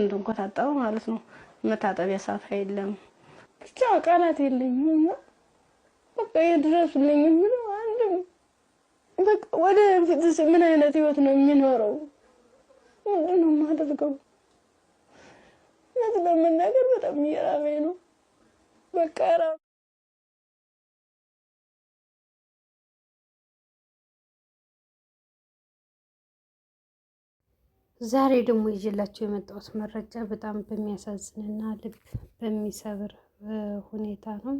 እንድንቆጣጠሩ ማለት ነው። መታጠቢያ ሳፋ የለም። ብቻ ቃላት የለኝም። በቃ የድረሱልኝ የምለው አንድም በቃ ወደ ፊትስ ምን አይነት ህይወት ነው የሚኖረው? ምንድን ነው የማደርገው? እውነት ለመናገር በጣም እየራበኝ ነው። በቃ ዛሬ ደግሞ ይዤላችሁ የመጣሁት መረጃ በጣም በሚያሳዝንና ልብ በሚሰብር ሁኔታ ነው።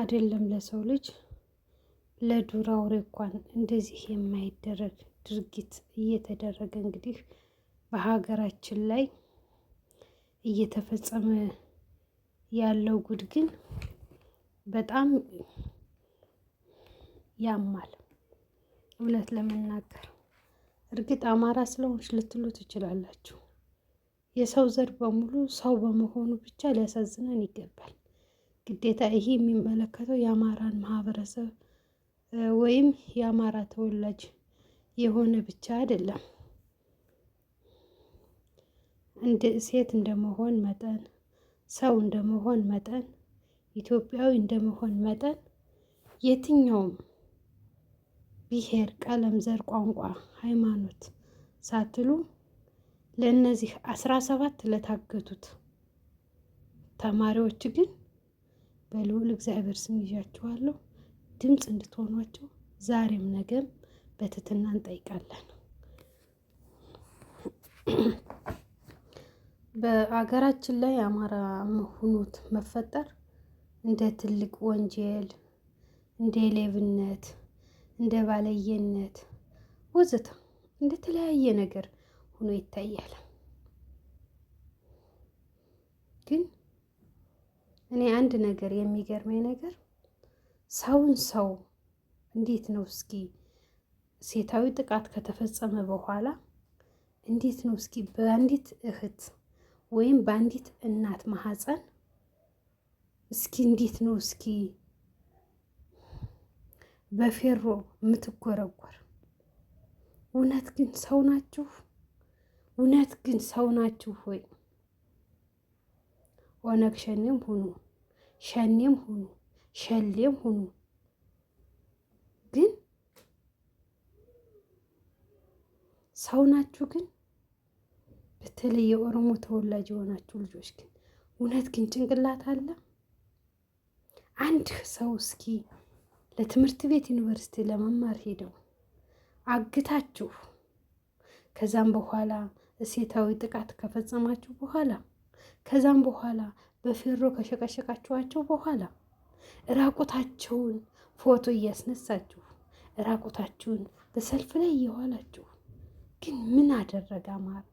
አይደለም ለሰው ልጅ ለዱር አውሬ እንኳን እንደዚህ የማይደረግ ድርጊት እየተደረገ እንግዲህ በሀገራችን ላይ እየተፈጸመ ያለው ጉድ ግን በጣም ያማል። እውነት ለመናገር እርግጥ አማራ ስለሆንሽ ልትሉ ትችላላችሁ። የሰው ዘር በሙሉ ሰው በመሆኑ ብቻ ሊያሳዝነን ይገባል። ግዴታ ይሄ የሚመለከተው የአማራን ማህበረሰብ ወይም የአማራ ተወላጅ የሆነ ብቻ አይደለም። እንደ ሴት እንደመሆን መጠን፣ ሰው እንደመሆን መጠን፣ ኢትዮጵያዊ እንደመሆን መጠን የትኛውም ብሔር፣ ቀለም፣ ዘር፣ ቋንቋ፣ ሃይማኖት ሳትሉ ለእነዚህ አስራ ሰባት ለታገቱት ተማሪዎች ግን በልዑል እግዚአብሔር ስም ይዣችኋለሁ። ድምፅ እንድትሆኗቸው ዛሬም ነገም በትህትና እንጠይቃለን። በአገራችን ላይ አማራ መሆኑት መፈጠር እንደ ትልቅ ወንጀል እንደ ሌብነት እንደ ባለየነት ወዘተ እንደተለያየ ነገር ሆኖ ይታያል። ግን እኔ አንድ ነገር የሚገርመኝ ነገር ሰውን ሰው እንዴት ነው እስኪ ሴታዊ ጥቃት ከተፈጸመ በኋላ እንዴት ነው እስኪ በአንዲት እህት ወይም በአንዲት እናት ማህፀን እስኪ እንዴት ነው እስኪ በፌሮ የምትጎረጎር እውነት ግን ሰው ናችሁ? እውነት ግን ሰው ናችሁ ወይ? ኦነግ ሸኔም ሁኑ ሸኔም ሁኑ ሸሌም ሁኑ ግን ሰው ናችሁ ግን በተለይ የኦሮሞ ተወላጅ የሆናችሁ ልጆች ግን እውነት ግን ጭንቅላት አለ አንድ ሰው እስኪ ለትምህርት ቤት ዩኒቨርሲቲ ለመማር ሄደው አግታችሁ ከዛም በኋላ እሴታዊ ጥቃት ከፈጸማችሁ በኋላ ከዛም በኋላ በፌሮ ከሸቀሸቃችኋቸው በኋላ ራቁታቸውን ፎቶ እያስነሳችሁ ራቁታችሁን በሰልፍ ላይ እየዋላችሁ ግን ምን አደረገ ማር?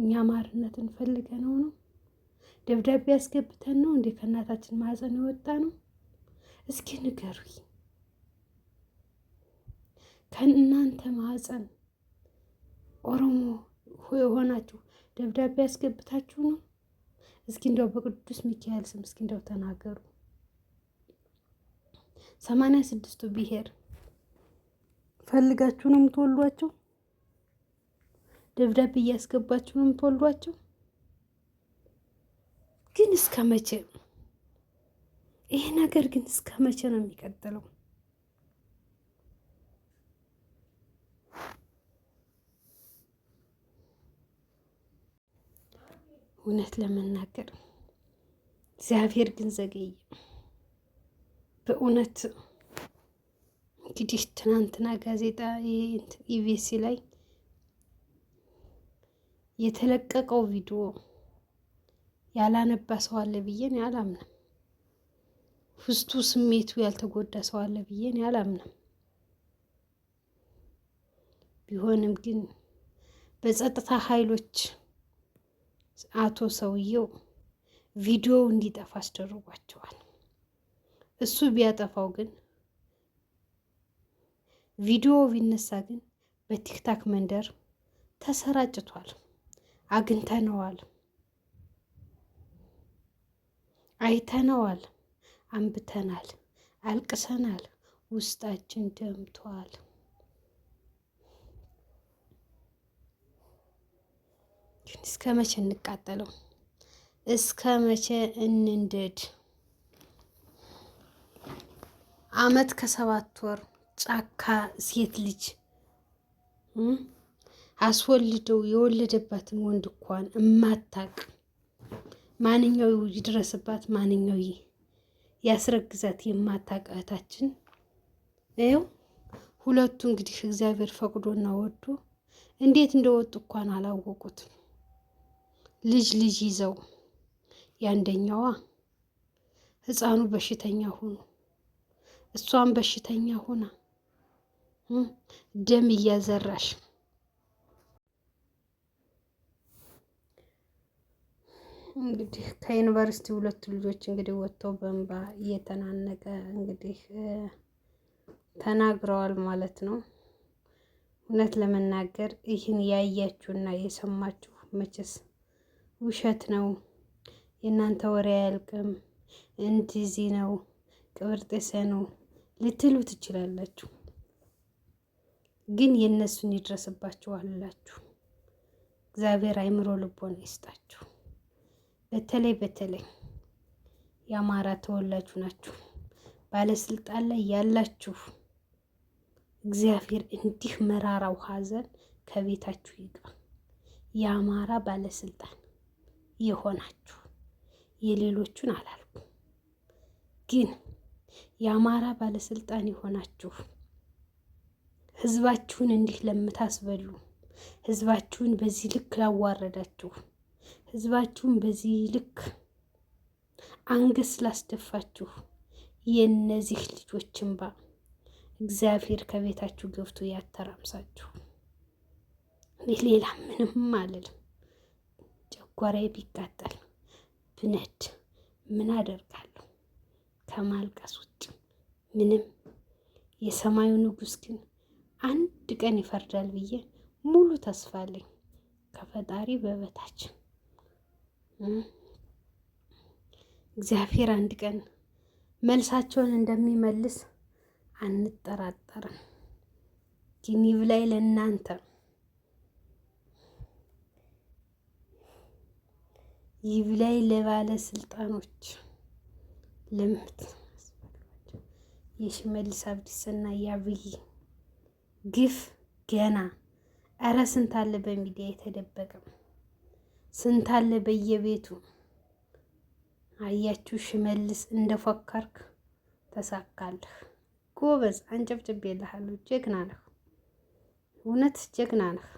እኛ አማርነትን ፈልገ ነው ነው? ደብዳቤ ያስገብተን ነው እንዴ? ከእናታችን ማዕፀን የወጣ ነው? እስኪ ንገሩኝ ከእናንተ ማህፀን ኦሮሞ የሆናችሁ ደብዳቤ ያስገብታችሁ ነው? እስኪ እንደው በቅዱስ ሚካኤል ስም እስኪ እንደው ተናገሩ። ሰማንያ ስድስቱ ብሔር ፈልጋችሁ ነው የምትወልዷቸው? ደብዳቤ እያስገባችሁ ነው የምትወልዷቸው? ግን እስከ መቼ ይሄ ነገር ግን እስከ መቼ ነው የሚቀጥለው? እውነት ለመናገር እግዚአብሔር ግን ዘገየ። በእውነት እንግዲህ ትናንትና ጋዜጣ ኢቢሲ ላይ የተለቀቀው ቪዲዮ ያላነባ ሰው አለ ብዬ ነው አላምንም። ውስጡ ስሜቱ ያልተጎዳ ሰው አለ ብዬ እኔ አላምንም። ቢሆንም ግን በጸጥታ ኃይሎች አቶ ሰውየው ቪዲዮ እንዲጠፋ አስደርጓቸዋል። እሱ ቢያጠፋው ግን ቪዲዮ ቢነሳ ግን በቲክታክ መንደር ተሰራጭቷል፣ አግኝተነዋል፣ አይተነዋል አንብተናል፣ አልቅሰናል፣ ውስጣችን ደምቷል። እስከ መቼ እንቃጠለው? እስከ መቼ እንንደድ? አመት ከሰባት ወር ጫካ ሴት ልጅ አስወልደው የወለደባትን ወንድ እንኳን እማታቅ ማንኛው ይድረስባት ማንኛው ያስረግዛት የማታቃታችን ይኸው ሁለቱ እንግዲህ እግዚአብሔር ፈቅዶና ወዶ እንዴት እንደወጡ እንኳን አላወቁትም። ልጅ ልጅ ይዘው የአንደኛዋ ህፃኑ በሽተኛ ሆኖ እሷም በሽተኛ ሆና ደም እያዘራሽ እንግዲህ ከዩኒቨርሲቲ ሁለቱ ልጆች እንግዲህ ወጥተው በእንባ እየተናነቀ እንግዲህ ተናግረዋል ማለት ነው። እውነት ለመናገር ይህን ያያችሁና የሰማችሁ መቼስ ውሸት ነው፣ የእናንተ ወሬ አያልቅም፣ እንዲዚህ ነው፣ ቅብርጤሰ ነው ልትሉ ትችላላችሁ። ግን የእነሱን ይድረስባችሁ አላችሁ። እግዚአብሔር አይምሮ ልቦና ይስጣችሁ። በተለይ በተለይ የአማራ ተወላጁ ናችሁ፣ ባለስልጣን ላይ ያላችሁ እግዚአብሔር እንዲህ መራራው ሀዘን ከቤታችሁ ይግባ። የአማራ ባለስልጣን የሆናችሁ የሌሎቹን አላልኩ፣ ግን የአማራ ባለስልጣን የሆናችሁ ህዝባችሁን እንዲህ ለምታስበሉ፣ ህዝባችሁን በዚህ ልክ ላዋረዳችሁ ህዝባችሁን በዚህ ልክ አንገት ስላስደፋችሁ የእነዚህ ልጆች እንባ እግዚአብሔር ከቤታችሁ ገብቶ ያተራምሳችሁ። ሌላ ምንም አልልም። ጨጓራ ቢቃጠል ብነድ ምን አደርጋለሁ? ከማልቀስ ውጭ ምንም። የሰማዩ ንጉስ ግን አንድ ቀን ይፈርዳል ብዬ ሙሉ ተስፋ አለኝ ከፈጣሪ በበታች እግዚአብሔር አንድ ቀን መልሳቸውን እንደሚመልስ አንጠራጠርም። ግን ይብላኝ ለእናንተ ይብላኝ ለባለስልጣኖች ለምት የሽመልስ አብዲስና የአብይ ግፍ ገና እረ ስንት አለ በሚዲያ የተደበቀም ስንት አለ በየቤቱ አያችሁ ሽመልስ እንደፎከርክ ተሳካልህ። ጎበዝ አንጨብጭብ አንጨብጭቤልሃለሁ። ጀግና ነህ፣ እውነት ጀግና ነህ።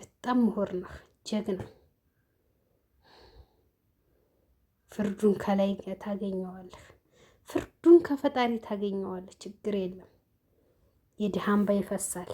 በጣም ምሁር ነህ፣ ጀግና ፍርዱን ከላይ ታገኘዋለህ። ፍርዱን ከፈጣሪ ታገኘዋለህ። ችግር የለም። የድሃ እንባ ይፈሳል።